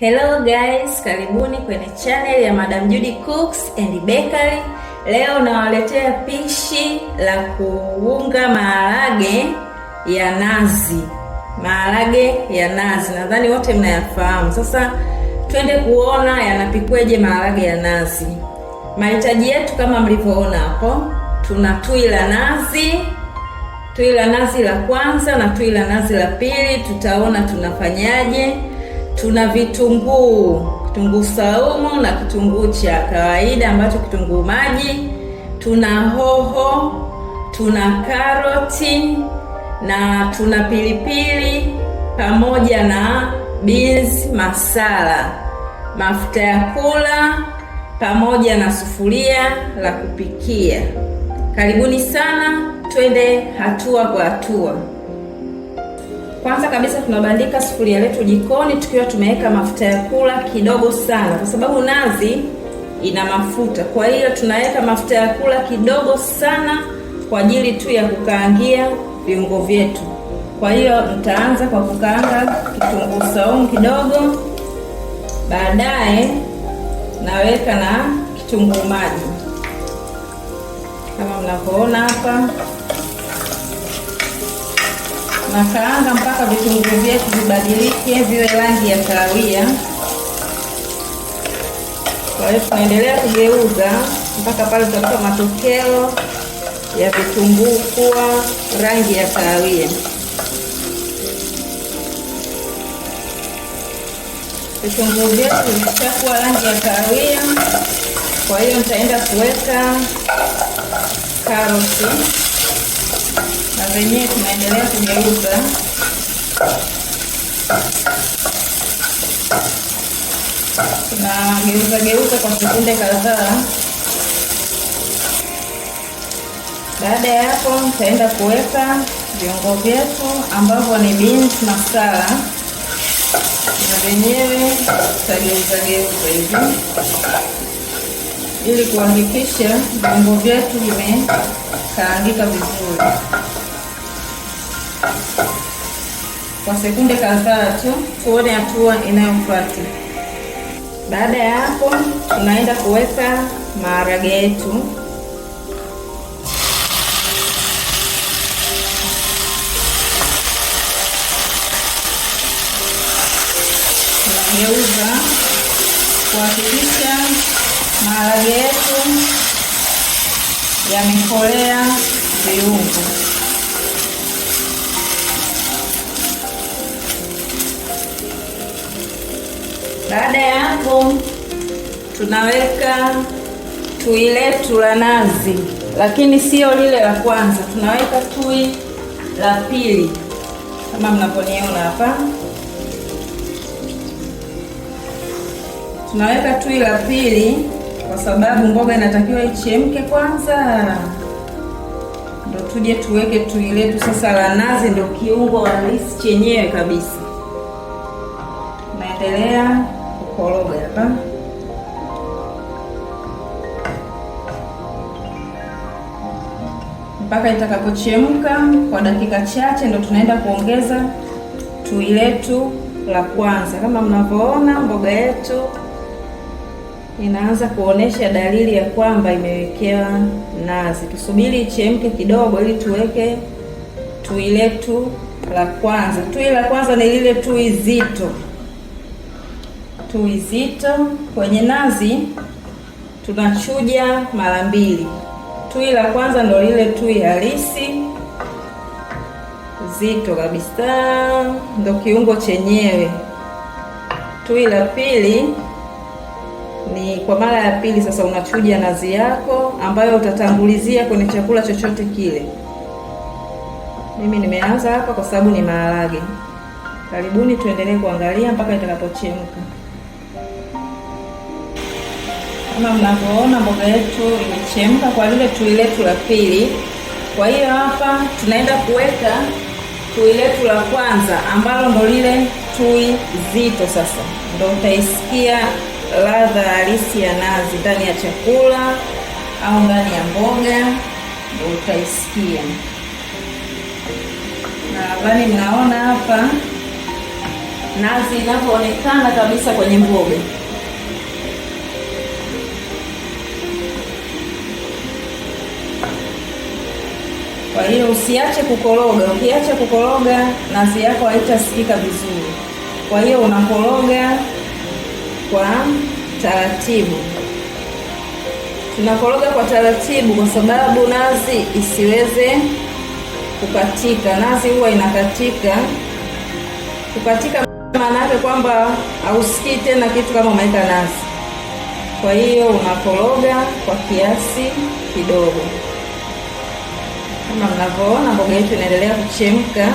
Hello guys, karibuni kwenye channel ya Madam Judy Cooks and Bakery. Leo nawaletea pishi la kuunga maharage ya nazi. Maharage ya nazi nadhani wote mnayafahamu. Sasa twende kuona yanapikweje maharage ya nazi. Mahitaji yetu kama mlivyoona hapo, tuna tui la nazi, tui la nazi la kwanza na tui la nazi la pili. Tutaona tunafanyaje Tuna vitunguu, kitunguu saumu na kitunguu cha kawaida ambacho kitunguu maji. Tuna hoho, tuna karoti na tuna pilipili pamoja na beans masala, mafuta ya kula pamoja na sufuria la kupikia. Karibuni sana, twende hatua kwa hatua. Kwanza kabisa tunabandika sufuria letu jikoni tukiwa tumeweka mafuta ya kula kidogo sana, kwa sababu nazi ina mafuta. Kwa hiyo tunaweka mafuta ya kula kidogo sana kwa ajili tu ya kukaangia viungo vyetu. Kwa hiyo mtaanza kwa kukaanga kitunguu saumu kidogo, baadaye naweka na kitunguu maji kama mnavyoona hapa nakaanga mpaka vitunguu vyetu vibadilike viwe rangi ya kahawia. Kwa hiyo tunaendelea kugeuza mpaka pale tutapata matokeo ya vitunguu kuwa rangi ya kahawia. Vitunguu vyetu vikishakuwa rangi ya kahawia, kwa hiyo nitaenda kuweka karoti penyewe tunaendelea kugeuza tunageuza geuza kwa sekunde kadhaa. Baada ya hapo, taenda kuweka viungo vyetu ambavyo ni beans masala, na vyenyewe tutageuza geuza hivi ili kuhakikisha viungo vyetu vimekaangika vizuri kwa sekunde kadhaa tu tuone hatua inayofuata. Baada ya hapo, tunaenda kuweka maharage yetu. Tunageuza kuhakikisha maharage yetu yamekolea viungo. Baada ya hapo, tunaweka tui letu la nazi, lakini sio lile la kwanza, tunaweka tui la pili kama mnavyoniona hapa. Tunaweka tui la pili kwa sababu mboga inatakiwa ichemke kwanza, ndo tuje tuweke tui letu sasa la nazi, ndo kiungo halisi chenyewe kabisa. naendelea kukoroga hapa. Mpaka itakapochemka kwa dakika chache, ndo tunaenda kuongeza tui letu la kwanza. Kama mnavyoona, mboga yetu inaanza kuonesha dalili ya kwamba imewekewa nazi. Tusubiri ichemke kidogo, ili tuweke tui letu la kwanza. Tui la kwanza ni lile tui zito tui zito. Kwenye nazi tunachuja mara mbili. Tui la kwanza ndo lile tui halisi zito kabisa, ndo kiungo chenyewe. Tui la pili ni kwa mara ya pili sasa, unachuja nazi yako ambayo utatangulizia kwenye chakula chochote kile. Mimi nimeanza hapa kwa sababu ni maharage. Karibuni tuendelee kuangalia mpaka itakapochemka. Kama mnavyoona mboga yetu imechemka kwa lile tui letu la pili. Kwa hiyo hapa tunaenda kuweka tui letu la kwanza ambalo ndo lile tui zito. Sasa ndo utaisikia ladha halisi ya nazi ndani ya chakula au ndani ya mboga, ndo utaisikia. na Nadhani mnaona hapa nazi inavyoonekana kabisa kwenye mboga. Kwa hiyo usiache kukoroga. Ukiacha kukoroga, nazi yako haitasikika vizuri. Kwa hiyo unakoroga kwa taratibu. Tunakoroga kwa taratibu, kwa sababu nazi isiweze kukatika. Nazi huwa inakatika. Kukatika maana yake kwamba hausikii tena kitu kama umeweka nazi. Kwa hiyo unakoroga kwa kiasi kidogo. Kama mnavyoona mboga yetu inaendelea kuchemka.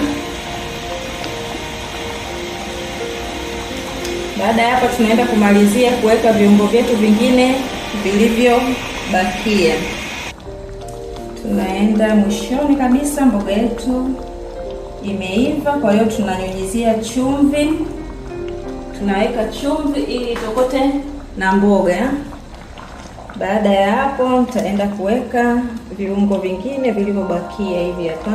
Baada ya hapo tunaenda kumalizia kuweka viungo vyetu vingine vilivyobakia. Tunaenda mwishoni kabisa, mboga yetu imeiva, kwa hiyo tunanyunyizia chumvi. Tunaweka chumvi ili itokote na mboga. Baada ya hapo, nitaenda kuweka viungo vingine vilivyobakia hivi hapa.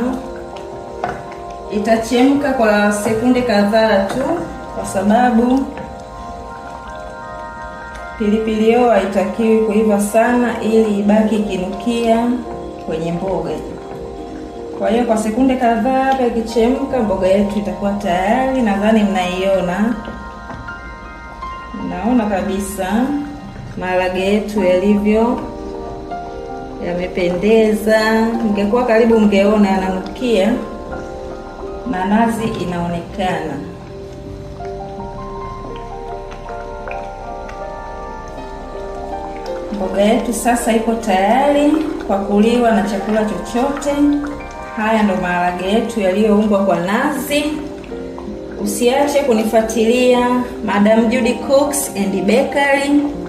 Itachemka kwa sekunde kadhaa tu, kwa sababu pilipili hoho haitakiwi kuiva sana, ili ibaki ikinukia kwenye mboga. Kwa hiyo kwa sekunde kadhaa hapa ikichemka, mboga yetu itakuwa tayari. Nadhani mnaiona, mnaona kabisa maharage yetu yalivyo, yamependeza. Ningekuwa karibu, mngeona yananukia na nazi inaonekana. Mboga yetu sasa ipo tayari kwa kuliwa na chakula chochote. Haya ndo maharage yetu yaliyoungwa kwa nazi. Usiache kunifuatilia Madam Judy Cooks and Bakery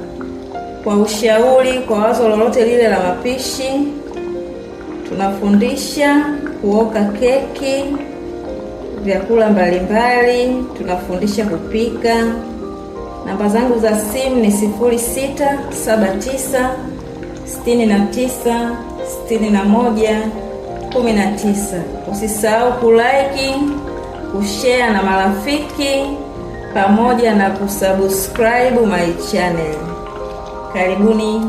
kwa ushauri, kwa wazo lolote lile la mapishi. Tunafundisha kuoka keki, vyakula mbalimbali, tunafundisha kupika. Namba zangu za simu ni 0679 69 61 19. Usisahau kulike, kushare na marafiki pamoja na kusubscribe my channel. Karibuni.